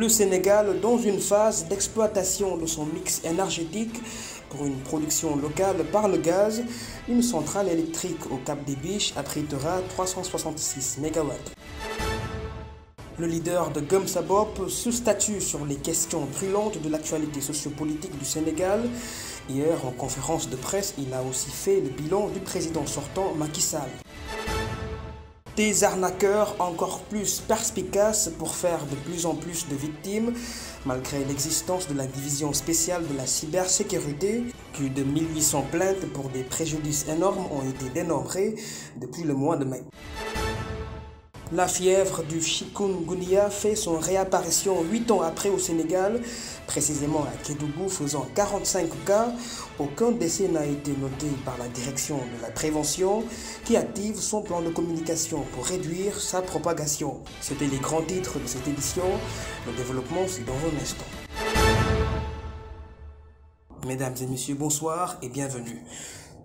le Sénégal dans une phase d'exploitation de son mix énergétique pour une production locale par le gaz. Une centrale électrique au Cap des Biches abritera 366 MW. Le leader de Gumsabop se statue sur les questions brûlantes de l'actualité sociopolitique du Sénégal. Hier, en conférence de presse, il a aussi fait le bilan du président sortant Macky Sall des arnaqueurs encore plus perspicaces pour faire de plus en plus de victimes, malgré l'existence de la division spéciale de la cybersécurité. Plus de 1800 plaintes pour des préjudices énormes ont été dénombrées depuis le mois de mai. La fièvre du chikungunya fait son réapparition 8 ans après au Sénégal, précisément à Kédougou, faisant 45 cas. Aucun décès n'a été noté par la direction de la prévention qui active son plan de communication pour réduire sa propagation. C'était les grands titres de cette édition. Le développement c'est dans un instant. Mesdames et messieurs, bonsoir et bienvenue.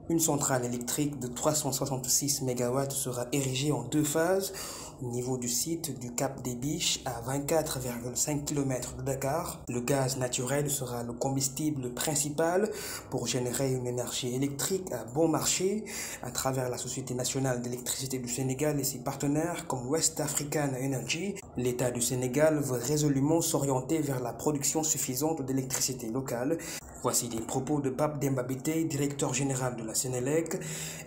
Une centrale électrique de 366 MW sera érigée en deux phases niveau du site du Cap des Biches à 24,5 km de Dakar. Le gaz naturel sera le combustible principal pour générer une énergie électrique à bon marché à travers la Société nationale d'électricité du Sénégal et ses partenaires comme West African Energy. L'État du Sénégal veut résolument s'orienter vers la production suffisante d'électricité locale. Voici les propos de Pape Dembabité, directeur général de la Sénélec,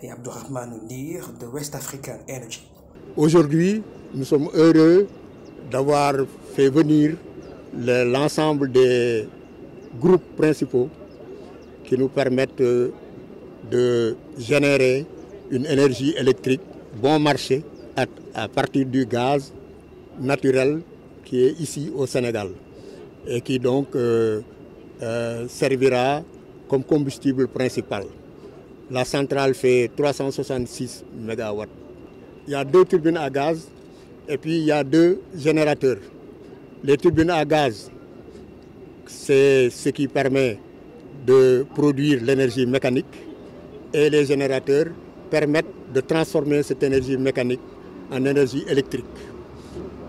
et Rahman Ndir de West African Energy. Aujourd'hui, nous sommes heureux d'avoir fait venir l'ensemble des groupes principaux qui nous permettent de générer une énergie électrique bon marché à, partir du gaz naturel qui est ici au Sénégal et qui donc euh, euh, servira comme combustible principal. La centrale fait 366 MW il y a deux turbines à gaz et puis il y a deux générateurs. Les turbines à gaz, c'est ce qui permet de produire l'énergie mécanique et les générateurs permettent de transformer cette énergie mécanique en énergie électrique.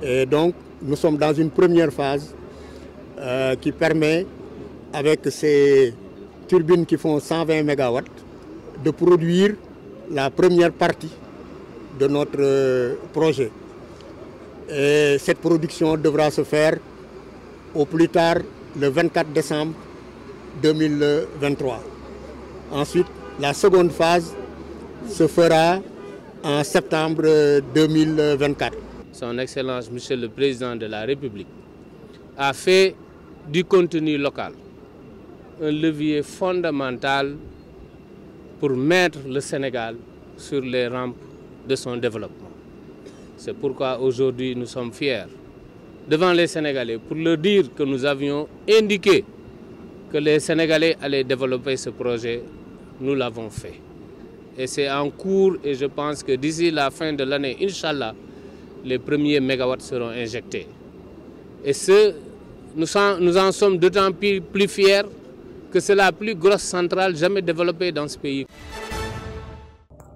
Et donc, nous sommes dans une première phase euh, qui permet, avec ces turbines qui font 120 MW, de produire la première partie de notre euh, projet. Et cette production devra se faire au plus tard le 24 décembre 2023. Ensuite, la seconde phase se fera en septembre 2024. Son Excellence, Monsieur le Président de la République, a fait du contenu local un levier fondamental pour mettre le Sénégal sur les rampes de son développement. C'est pourquoi aujourd'hui nous sommes fiers devant les Sénégalais pour leur dire que nous avions indiqué que les Sénégalais allaient développer ce projet. Nous l'avons fait. Et c'est en cours et je pense que d'ici la fin de l'année, Inch'Allah, les premiers mégawatts seront injectés. Et ce, nous en sommes d'autant plus fiers que c'est la plus grosse centrale jamais développée dans ce pays.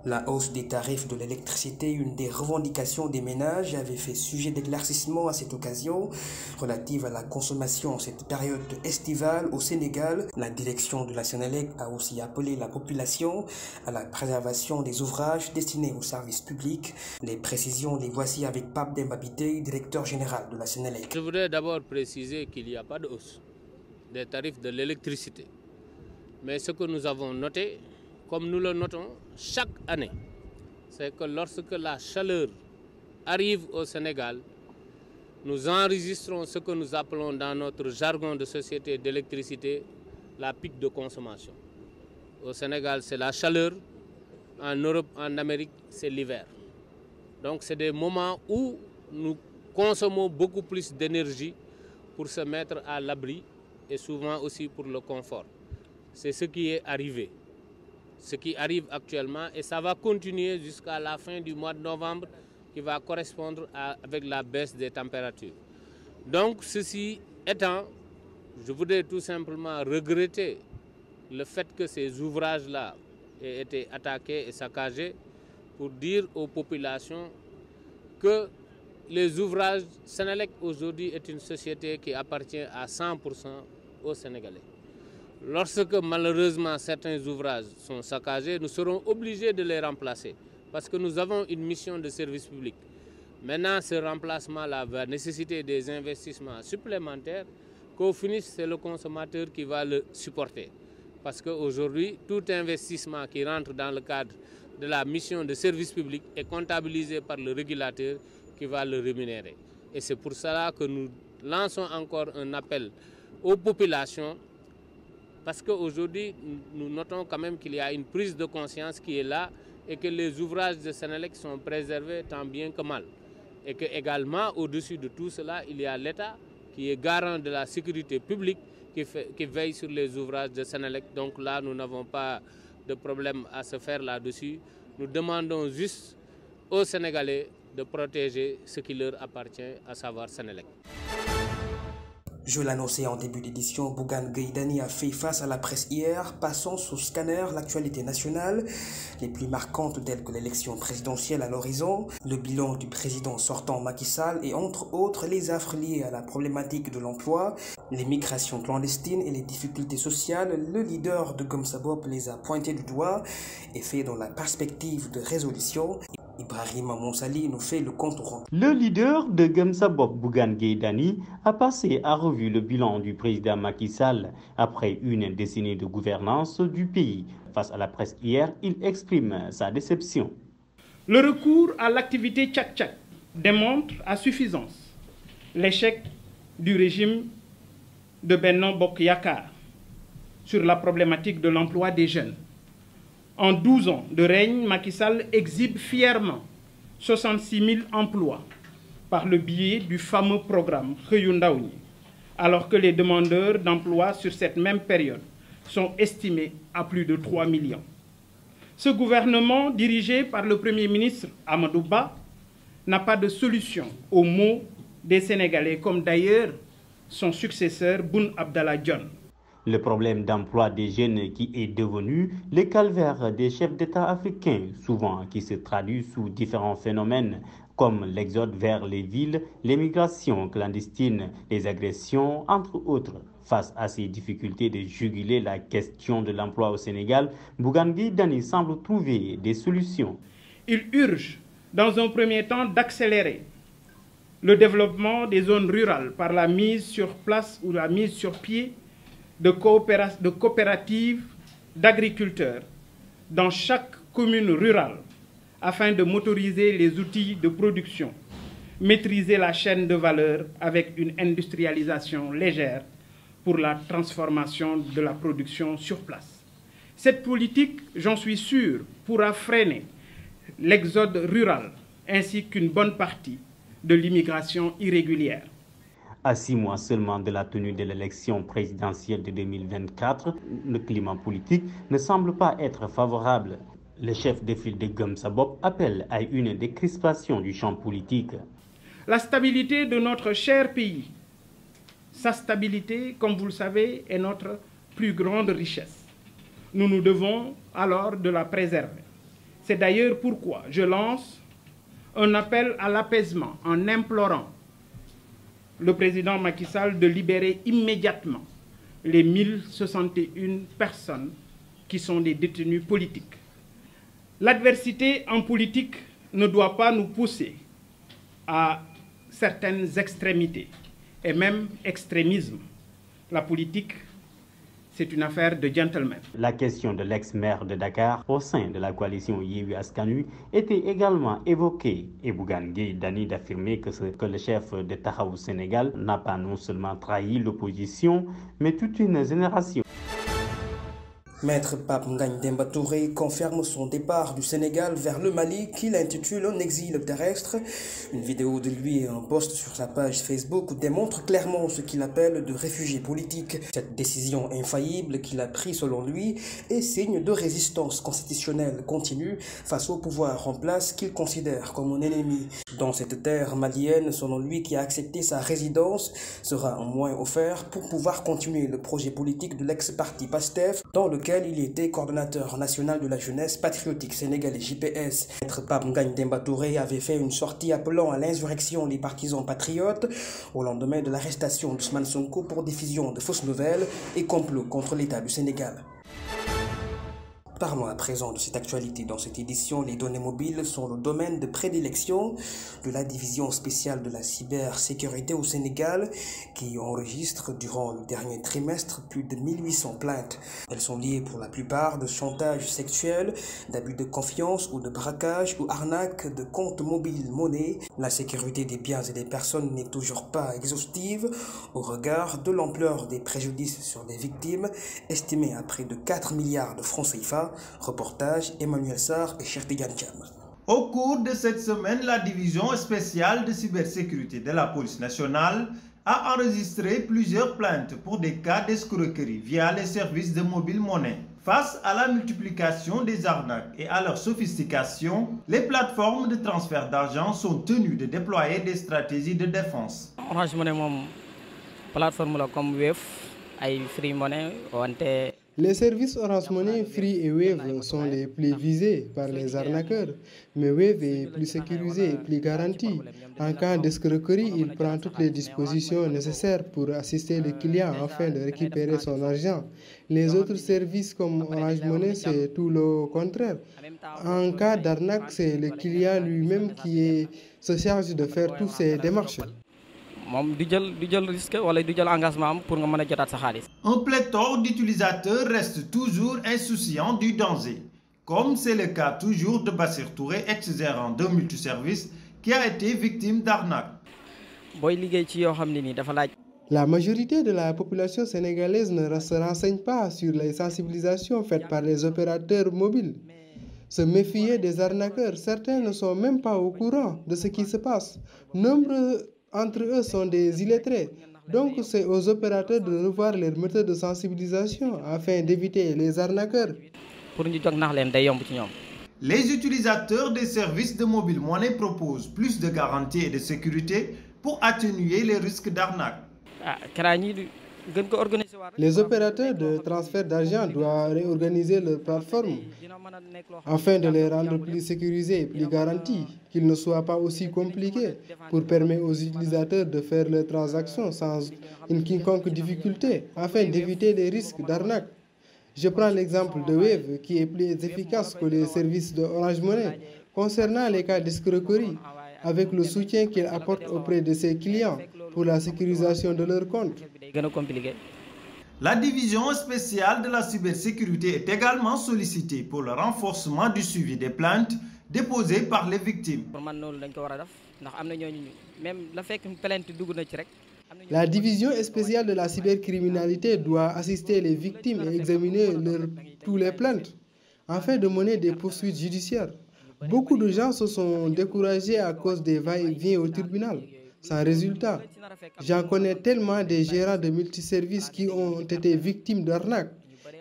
La hausse des tarifs de l'électricité, une des revendications des ménages, avait fait sujet d'éclaircissement à cette occasion. Relative à la consommation en cette période estivale au Sénégal, la direction de la Sénélec a aussi appelé la population à la préservation des ouvrages destinés aux services publics. Les précisions les voici avec Pape Dembabité, directeur général de la Sénélec. Je voudrais d'abord préciser qu'il n'y a pas de hausse des tarifs de l'électricité. Mais ce que nous avons noté, comme nous le notons chaque année, c'est que lorsque la chaleur arrive au Sénégal, nous enregistrons ce que nous appelons dans notre jargon de société d'électricité la pique de consommation. Au Sénégal, c'est la chaleur. En Europe, en Amérique, c'est l'hiver. Donc, c'est des moments où nous consommons beaucoup plus d'énergie pour se mettre à l'abri et souvent aussi pour le confort. C'est ce qui est arrivé ce qui arrive actuellement et ça va continuer jusqu'à la fin du mois de novembre qui va correspondre avec la baisse des températures. Donc ceci étant, je voudrais tout simplement regretter le fait que ces ouvrages-là aient été attaqués et saccagés pour dire aux populations que les ouvrages Sénélec aujourd'hui est une société qui appartient à 100% aux Sénégalais. Lorsque malheureusement certains ouvrages sont saccagés, nous serons obligés de les remplacer parce que nous avons une mission de service public. Maintenant, ce remplacement-là va nécessiter des investissements supplémentaires qu'au final, c'est le consommateur qui va le supporter. Parce qu'aujourd'hui, tout investissement qui rentre dans le cadre de la mission de service public est comptabilisé par le régulateur qui va le rémunérer. Et c'est pour cela que nous lançons encore un appel aux populations parce qu'aujourd'hui, nous notons quand même qu'il y a une prise de conscience qui est là et que les ouvrages de Sénélec sont préservés tant bien que mal. Et que également, au-dessus de tout cela, il y a l'État qui est garant de la sécurité publique qui, qui veille sur les ouvrages de Sénélec. Donc là, nous n'avons pas de problème à se faire là-dessus. Nous demandons juste aux Sénégalais de protéger ce qui leur appartient, à savoir Sénélec. Je l'annonçais en début d'édition, Bougan Gaïdani a fait face à la presse hier, passant sous scanner l'actualité nationale, les plus marquantes telles que l'élection présidentielle à l'horizon, le bilan du président sortant Macky Sall et entre autres les affres liées à la problématique de l'emploi, les migrations clandestines et les difficultés sociales, le leader de Gomsabop les a pointés du doigt et fait dans la perspective de résolution. Ibrahim nous fait le compte Le leader de Gemsabob Bougan Gaydani a passé à revue le bilan du président Macky Sall après une décennie de gouvernance du pays. Face à la presse hier, il exprime sa déception. Le recours à l'activité tchak-tchak démontre à suffisance l'échec du régime de Benno Bokyaka sur la problématique de l'emploi des jeunes en 12 ans de règne, Macky Sall exhibe fièrement 66 000 emplois par le biais du fameux programme Khayundaouni, alors que les demandeurs d'emploi sur cette même période sont estimés à plus de 3 millions. Ce gouvernement, dirigé par le Premier ministre Amadou Ba, n'a pas de solution aux maux des Sénégalais, comme d'ailleurs son successeur Boun Abdallah John. Le problème d'emploi des jeunes qui est devenu le calvaire des chefs d'État africains, souvent qui se traduit sous différents phénomènes comme l'exode vers les villes, l'émigration clandestine, les agressions, entre autres. Face à ces difficultés de juguler la question de l'emploi au Sénégal, Bougangui Dani semble trouver des solutions. Il urge, dans un premier temps, d'accélérer le développement des zones rurales par la mise sur place ou la mise sur pied de, coopératives d'agriculteurs dans chaque commune rurale afin de motoriser les outils de production, maîtriser la chaîne de valeur avec une industrialisation légère pour la transformation de la production sur place. Cette politique, j'en suis sûr, pourra freiner l'exode rural ainsi qu'une bonne partie de l'immigration irrégulière. À six mois seulement de la tenue de l'élection présidentielle de 2024, le climat politique ne semble pas être favorable. Le chef de file de Gomsabop appelle à une décrispation du champ politique. La stabilité de notre cher pays, sa stabilité, comme vous le savez, est notre plus grande richesse. Nous nous devons alors de la préserver. C'est d'ailleurs pourquoi je lance un appel à l'apaisement en implorant le président Macky Sall de libérer immédiatement les 1061 personnes qui sont des détenus politiques. L'adversité en politique ne doit pas nous pousser à certaines extrémités et même extrémisme. La politique c'est une affaire de gentleman. La question de l'ex-maire de Dakar au sein de la coalition Yewi Askanu était également évoquée et Bougan Dani d'affirmer que, que, le chef de Tahaou Sénégal n'a pas non seulement trahi l'opposition, mais toute une génération. Maître Pape Ngagne Demba confirme son départ du Sénégal vers le Mali qu'il intitule Un exil terrestre. Une vidéo de lui et un post sur sa page Facebook démontrent clairement ce qu'il appelle de réfugié politique. Cette décision infaillible qu'il a prise selon lui est signe de résistance constitutionnelle continue face au pouvoir en place qu'il considère comme un ennemi. Dans cette terre malienne, selon lui qui a accepté sa résidence, sera un moyen offert pour pouvoir continuer le projet politique de l'ex-parti PASTEF dans lequel il était coordonnateur national de la jeunesse patriotique sénégalaise JPS. Maître Pape Demba avait fait une sortie appelant à l'insurrection des partisans patriotes au lendemain de l'arrestation d'Ousmane Sonko pour diffusion de fausses nouvelles et complot contre l'État du Sénégal. Parlons à présent de cette actualité. Dans cette édition, les données mobiles sont le domaine de prédilection de la division spéciale de la cybersécurité au Sénégal qui enregistre durant le dernier trimestre plus de 1800 plaintes. Elles sont liées pour la plupart de chantage sexuel, d'abus de confiance ou de braquage ou arnaque de comptes mobiles monnaie. La sécurité des biens et des personnes n'est toujours pas exhaustive au regard de l'ampleur des préjudices sur les victimes estimés à près de 4 milliards de francs CFA Reportage Emmanuel Sarr et Au cours de cette semaine, la division spéciale de cybersécurité de la police nationale a enregistré plusieurs plaintes pour des cas d'escroquerie via les services de mobile monnaie. Face à la multiplication des arnaques et à leur sophistication, les plateformes de transfert d'argent sont tenues de déployer des stratégies de défense. comme Free Money, les services Orange Money, Free et Wave sont les plus visés par les arnaqueurs, mais Wave est plus sécurisé et plus garanti. En cas d'escroquerie, il prend toutes les dispositions nécessaires pour assister le client afin de récupérer son argent. Les autres services comme Orange Money, c'est tout le contraire. En cas d'arnaque, c'est le client lui-même qui est, se charge de faire toutes ces démarches. Un pléthore d'utilisateurs reste toujours insouciant du danger, comme c'est le cas toujours de Bassir Touré, ex-gérant de multiservice, qui a été victime d'arnaque. La majorité de la population sénégalaise ne se renseigne pas sur les sensibilisations faites par les opérateurs mobiles. Se méfier des arnaqueurs, certains ne sont même pas au courant de ce qui se passe. Nombreux entre eux sont des illettrés. Donc, c'est aux opérateurs de revoir leurs méthodes de sensibilisation afin d'éviter les arnaqueurs. Les utilisateurs des services de mobile monnaie proposent plus de garanties et de sécurité pour atténuer les risques d'arnaque. Ah, les opérateurs de transfert d'argent doivent réorganiser leurs plateformes afin de les rendre plus sécurisées plus garanties, qu'ils ne soient pas aussi compliqués pour permettre aux utilisateurs de faire leurs euh, transactions sans une quiconque difficulté afin d'éviter les risques d'arnaque. Je prends l'exemple de Wave qui est plus efficace que les services de Orange Money concernant les cas d'escroquerie avec le soutien qu'il apporte auprès de ses clients pour la sécurisation de leurs comptes. La division spéciale de la cybersécurité est également sollicitée pour le renforcement du suivi des plaintes déposées par les victimes. La division spéciale de la cybercriminalité doit assister les victimes et examiner toutes les plaintes afin de mener des poursuites judiciaires. Beaucoup de gens se sont découragés à cause des va et au tribunal sans résultat. J'en connais tellement des gérants de multiservices qui ont été victimes d'arnaques,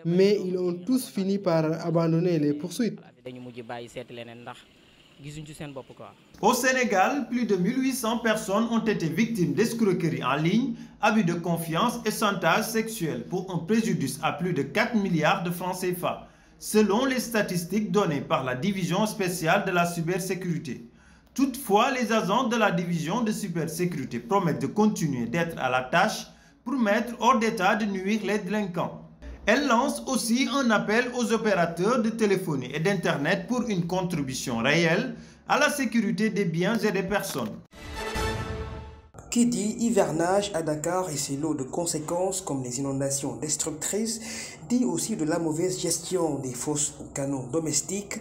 mais ils ont tous fini par abandonner les poursuites. Au Sénégal, plus de 1800 personnes ont été victimes d'escroqueries en ligne, abus de confiance et chantage sexuel pour un préjudice à plus de 4 milliards de francs CFA, selon les statistiques données par la division spéciale de la cybersécurité. Toutefois, les agents de la division de cybersécurité promettent de continuer d'être à la tâche pour mettre hors d'état de nuire les délinquants. Elle lance aussi un appel aux opérateurs de téléphonie et d'Internet pour une contribution réelle à la sécurité des biens et des personnes. Qui dit hivernage à Dakar et ses lots de conséquences comme les inondations destructrices, dit aussi de la mauvaise gestion des fosses ou canons domestiques.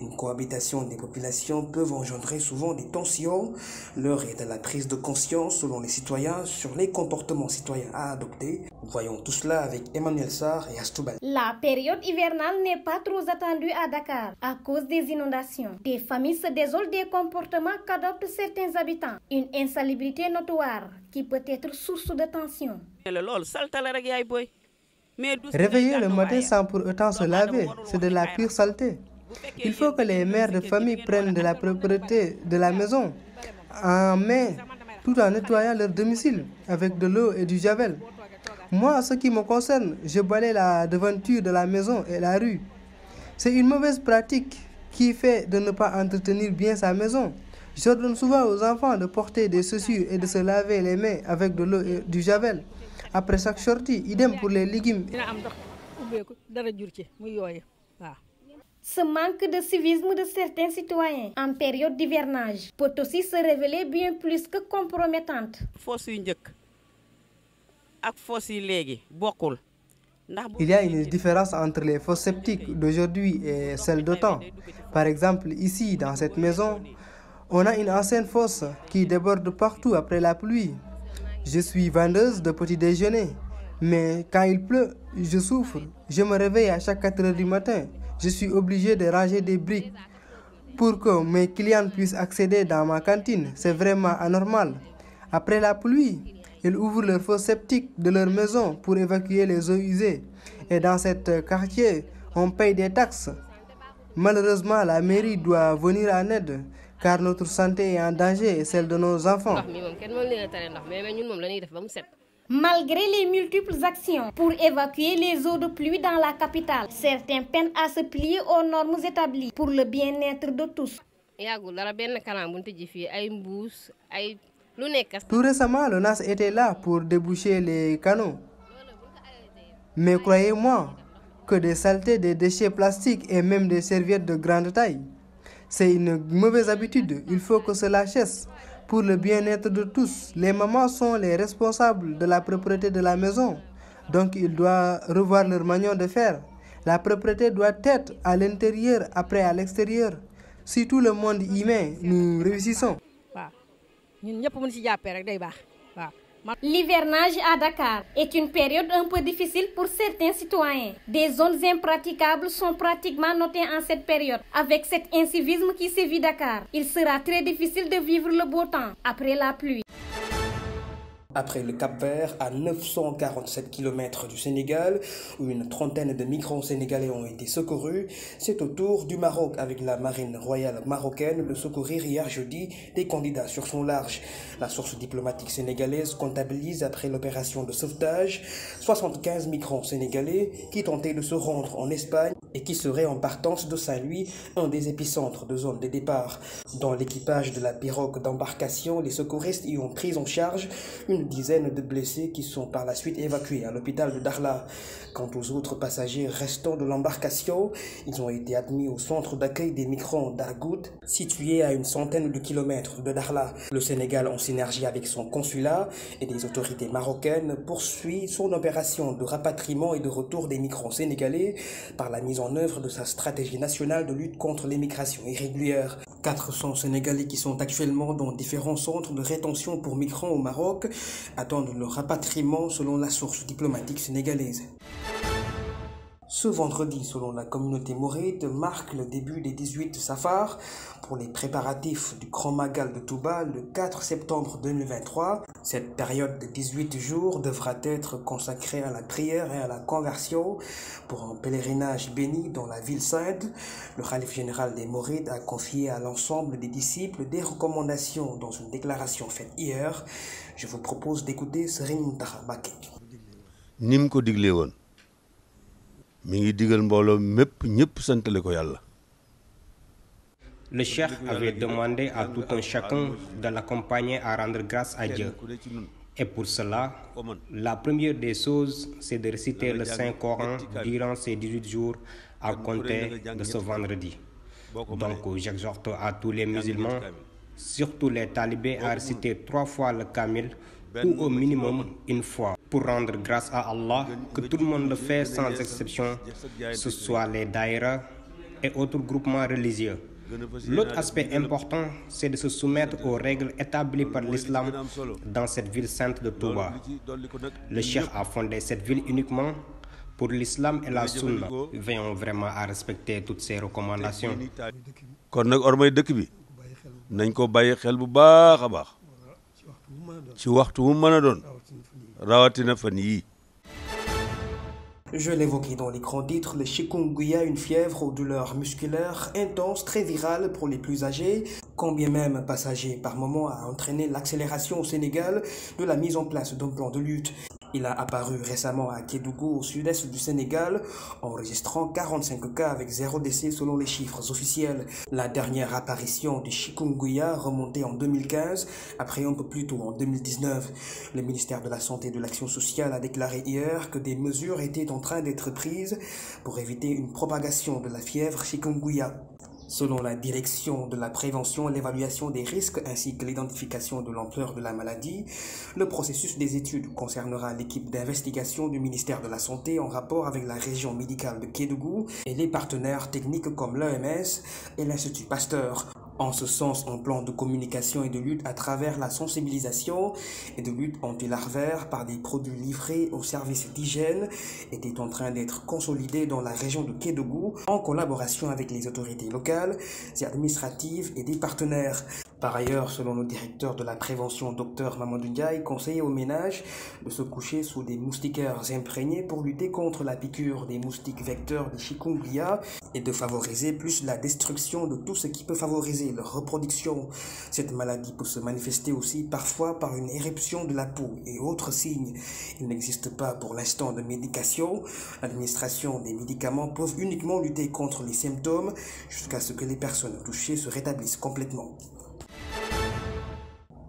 Une cohabitation des populations peut engendrer souvent des tensions. L'heure est à la prise de conscience selon les citoyens sur les comportements citoyens à adopter. Voyons tout cela avec Emmanuel Sarr et Astoubal. La période hivernale n'est pas trop attendue à Dakar à cause des inondations. Des familles se désolent des comportements qu'adoptent certains habitants. Une insalubrité notoire qui peut être source de tensions. Réveiller le matin sans pour autant se laver, c'est de la pure saleté. Il faut que les mères de famille prennent de la propreté de la maison en main tout en nettoyant leur domicile avec de l'eau et du javel. Moi, ce qui me concerne, je balais la devanture de la maison et la rue. C'est une mauvaise pratique qui fait de ne pas entretenir bien sa maison. J'ordonne souvent aux enfants de porter des chaussures et de se laver les mains avec de l'eau et du javel après chaque sortie idem pour les légumes. Ce manque de civisme de certains citoyens en période d'hivernage peut aussi se révéler bien plus que compromettante. Il y a une différence entre les fosses sceptiques d'aujourd'hui et celles d'autant. Par exemple, ici, dans cette maison, on a une ancienne fosse qui déborde partout après la pluie. Je suis vendeuse de petit déjeuner. Mais quand il pleut, je souffre. Je me réveille à chaque 4 heures du matin. Je suis obligée de ranger des briques pour que mes clients puissent accéder dans ma cantine. C'est vraiment anormal. Après la pluie, ils ouvrent le faux sceptique de leur maison pour évacuer les eaux usées. Et dans cet quartier, on paye des taxes. Malheureusement, la mairie doit venir en aide car notre santé est en danger et celle de nos enfants. Malgré les multiples actions pour évacuer les eaux de pluie dans la capitale, certains peinent à se plier aux normes établies pour le bien-être de tous. Tout récemment, le NAS était là pour déboucher les canaux. Mais croyez-moi que des saletés, des déchets plastiques et même des serviettes de grande taille c'est une mauvaise habitude. Il faut que cela cesse. Pour le bien-être de tous, les mamans sont les responsables de la propreté de la maison. Donc, ils doivent revoir leur manière de faire. La propreté doit être à l'intérieur, après à l'extérieur. Si tout le monde y met, nous réussissons. L'hivernage à Dakar est une période un peu difficile pour certains citoyens. Des zones impraticables sont pratiquement notées en cette période. Avec cet incivisme qui sévit Dakar, il sera très difficile de vivre le beau temps après la pluie. Après le Cap-Vert, à 947 km du Sénégal, où une trentaine de migrants sénégalais ont été secourus, c'est au tour du Maroc, avec la marine royale marocaine, de secourir hier jeudi des candidats sur son large. La source diplomatique sénégalaise comptabilise, après l'opération de sauvetage, 75 migrants sénégalais qui tentaient de se rendre en Espagne et qui serait en partance de Saint-Louis, un des épicentres de zone de départ. Dans l'équipage de la pirogue d'embarcation, les secouristes y ont pris en charge une dizaine de blessés qui sont par la suite évacués à l'hôpital de Darla. Quant aux autres passagers restants de l'embarcation, ils ont été admis au centre d'accueil des migrants d'Argout, situé à une centaine de kilomètres de Darla. Le Sénégal, en synergie avec son consulat et des autorités marocaines, poursuit son opération de rapatriement et de retour des migrants sénégalais par la mise en en œuvre de sa stratégie nationale de lutte contre l'immigration irrégulière. 400 Sénégalais qui sont actuellement dans différents centres de rétention pour migrants au Maroc attendent leur rapatriement selon la source diplomatique sénégalaise. Ce vendredi, selon la communauté mouride, marque le début des 18 Safar pour les préparatifs du Grand Magal de Touba le 4 septembre 2023. Cette période de 18 jours devra être consacrée à la prière et à la conversion pour un pèlerinage béni dans la ville sainte. Le Khalif général des Mourides a confié à l'ensemble des disciples des recommandations dans une déclaration faite hier. Je vous propose d'écouter Serine Tarabake. Le chef avait demandé à tout un chacun de l'accompagner à rendre grâce à Dieu. Et pour cela, la première des choses, c'est de réciter le Saint-Coran durant ces 18 jours à compter de ce vendredi. Donc, j'exhorte à tous les musulmans, surtout les talibés, à réciter trois fois le Kamil ou au minimum une fois, pour rendre grâce à Allah, que tout le monde le fait sans exception, ce soit les daïras et autres groupements religieux. L'autre aspect important, c'est de se soumettre aux règles établies par l'islam dans cette ville sainte de Touba. Le cheikh a fondé cette ville uniquement pour l'islam et la sunna. Veillons vraiment à respecter toutes ces recommandations. ci waxtu wu mën a doon rawatina fan yii Je l'évoquais dans les grands titres, le chikungunya, une fièvre aux douleurs musculaires intenses, très virales pour les plus âgés, combien même passager par moment a entraîné l'accélération au Sénégal de la mise en place d'un plan de lutte. Il a apparu récemment à Kédougou, au sud-est du Sénégal, enregistrant 45 cas avec zéro décès selon les chiffres officiels. La dernière apparition du chikungunya remontait en 2015, après un peu plus tôt en 2019. Le ministère de la Santé et de l'Action sociale a déclaré hier que des mesures étaient en en train d'être prises pour éviter une propagation de la fièvre chikungunya. Selon la direction de la prévention, l'évaluation des risques ainsi que l'identification de l'ampleur de la maladie, le processus des études concernera l'équipe d'investigation du ministère de la Santé en rapport avec la région médicale de Kédougou et les partenaires techniques comme l'OMS et l'Institut Pasteur. En ce sens, un plan de communication et de lutte à travers la sensibilisation et de lutte anti-larvaire par des produits livrés aux services d'hygiène était en train d'être consolidé dans la région de Kédougou en collaboration avec les autorités locales et administratives et des partenaires. Par ailleurs, selon le directeur de la prévention, Dr Mamadou Ndiaye, conseillait aux ménages de se coucher sous des moustiquaires imprégnés pour lutter contre la piqûre des moustiques vecteurs de chikungunya et de favoriser plus la destruction de tout ce qui peut favoriser leur reproduction. Cette maladie peut se manifester aussi parfois par une éruption de la peau et autres signes. Il n'existe pas pour l'instant de médication. L'administration des médicaments peut uniquement lutter contre les symptômes jusqu'à ce que les personnes touchées se rétablissent complètement.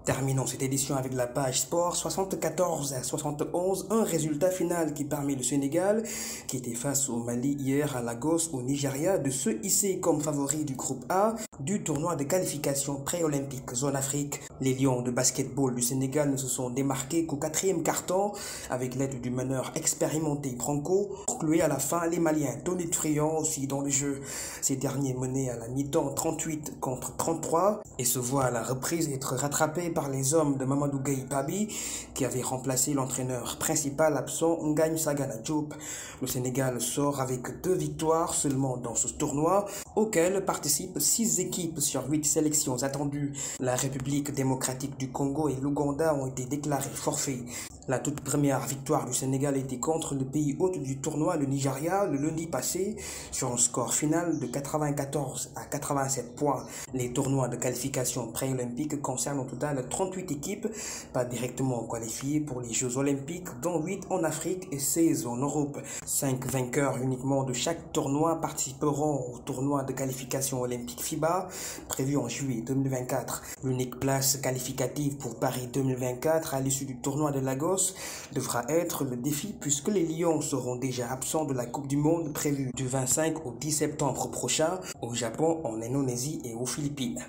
Terminons cette édition avec la page sport 74 à 71, un résultat final qui permet le Sénégal, qui était face au Mali hier à Lagos au Nigeria, de se hisser comme favori du groupe A du tournoi de qualification pré-olympique zone Afrique. Les Lions de basketball du Sénégal ne se sont démarqués qu'au quatrième carton avec l'aide du meneur expérimenté Franco pour clouer à la fin les Maliens Tony aussi dans le jeu. Ces derniers menés à la mi-temps 38 contre 33 et se voient à la reprise être rattrapés par les hommes de Mamadou Gueye Pabi, qui avait remplacé l'entraîneur principal absent Ngagne Sagana Diop. Le Sénégal sort avec deux victoires seulement dans ce tournoi, auquel participent six équipes sur huit sélections attendues. La République démocratique du Congo et l'Ouganda ont été déclarés forfaits. La toute première victoire du Sénégal était contre le pays hôte du tournoi, le Nigeria, le lundi passé, sur un score final de 94 à 87 points. Les tournois de qualification pré-olympique concernent au total 38 équipes, pas directement qualifiées pour les Jeux Olympiques, dont 8 en Afrique et 16 en Europe. 5 vainqueurs uniquement de chaque tournoi participeront au tournoi de qualification olympique FIBA, prévu en juillet 2024. L'unique place qualificative pour Paris 2024 à l'issue du tournoi de Lagos devra être le défi puisque les Lions seront déjà absents de la Coupe du Monde prévue du 25 au 10 septembre prochain au Japon, en Indonésie et aux Philippines.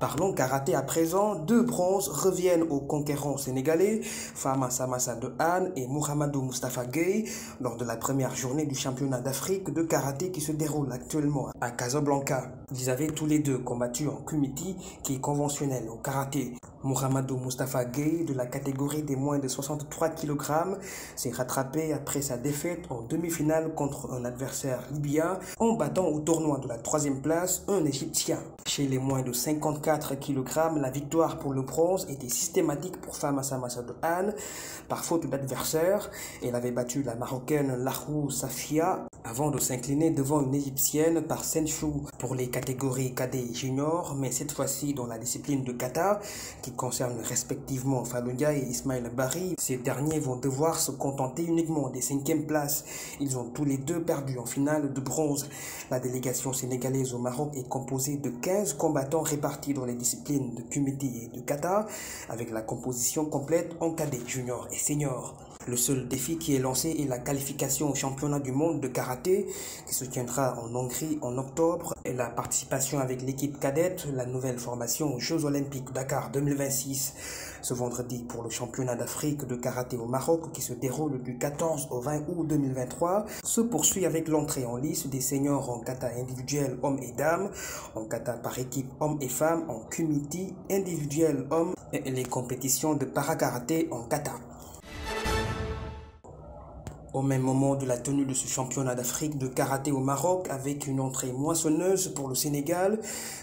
Parlons karaté à présent. Deux bronzes reviennent aux conquérants sénégalais, Fama Samassa de Han et Mouhamadou Mustafa Gay, lors de la première journée du championnat d'Afrique de karaté qui se déroule actuellement à Casablanca. Ils avaient tous les deux combattu en kumiti, qui est conventionnel au karaté. Mouhamadou Mustafa Gay de la catégorie des moins de 63 kg s'est rattrapé après sa défaite en demi-finale contre un adversaire libyen en battant au tournoi de la troisième place un Égyptien. Chez les moins de 54 kg, la victoire pour le bronze était systématique pour Samassa Han par faute d'adversaire. Elle avait battu la Marocaine Lahou Safia avant de s'incliner devant une Égyptienne par Senchou pour les catégories KD et junior, mais cette fois-ci dans la discipline de kata qui concerne respectivement Falunia et Ismail Bari, Ces derniers vont devoir se contenter uniquement des cinquièmes places. Ils ont tous les deux perdu en finale de bronze. La délégation sénégalaise au Maroc est composée de 15 combattants répartis dans les disciplines de Kumiti et de kata avec la composition complète en cadet, junior et senior. Le seul défi qui est lancé est la qualification au championnat du monde de karaté qui se tiendra en Hongrie en octobre et la participation avec l'équipe cadette, la nouvelle formation aux Jeux Olympiques Dakar 2026 ce vendredi pour le championnat d'Afrique de karaté au Maroc qui se déroule du 14 au 20 août 2023 se poursuit avec l'entrée en lice des seniors en kata individuel hommes et dames, en kata par équipe hommes et femmes, en community individuel hommes et les compétitions de para karaté en kata. Au même moment de la tenue de ce championnat d'Afrique de karaté au Maroc avec une entrée moissonneuse pour le Sénégal,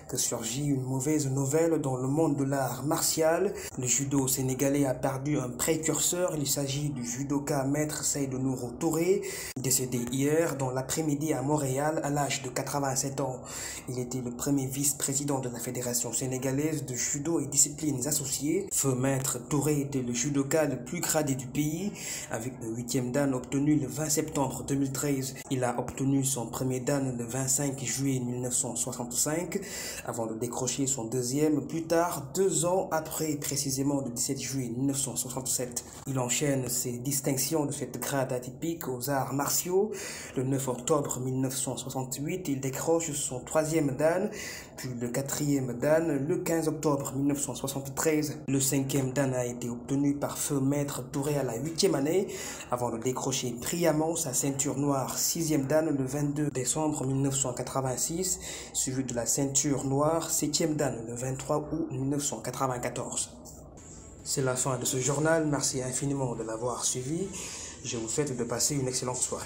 que surgit une mauvaise nouvelle dans le monde de l'art martial. Le judo sénégalais a perdu un précurseur, il s'agit du judoka maître Seydou Nourou Touré, décédé hier dans l'après-midi à Montréal à l'âge de 87 ans. Il était le premier vice-président de la Fédération sénégalaise de judo et disciplines associées. Feu maître Touré était le judoka le plus gradé du pays avec le huitième dan obtenu le 20 septembre 2013. Il a obtenu son premier dan le 25 juillet 1965 avant de décrocher son deuxième plus tard, deux ans après précisément le 17 juillet 1967. Il enchaîne ses distinctions de cette grade atypique aux arts martiaux. Le 9 octobre 1968, il décroche son troisième dan, puis le quatrième dan le 15 octobre 1973. Le cinquième dan a été obtenu par feu maître Touré à la huitième année avant de décrocher priamment sa ceinture noire, 6e dan le 22 décembre 1986, suivi de la ceinture noire, 7e dan le 23 août 1994. C'est la fin de ce journal, merci infiniment de l'avoir suivi, je vous souhaite de passer une excellente soirée.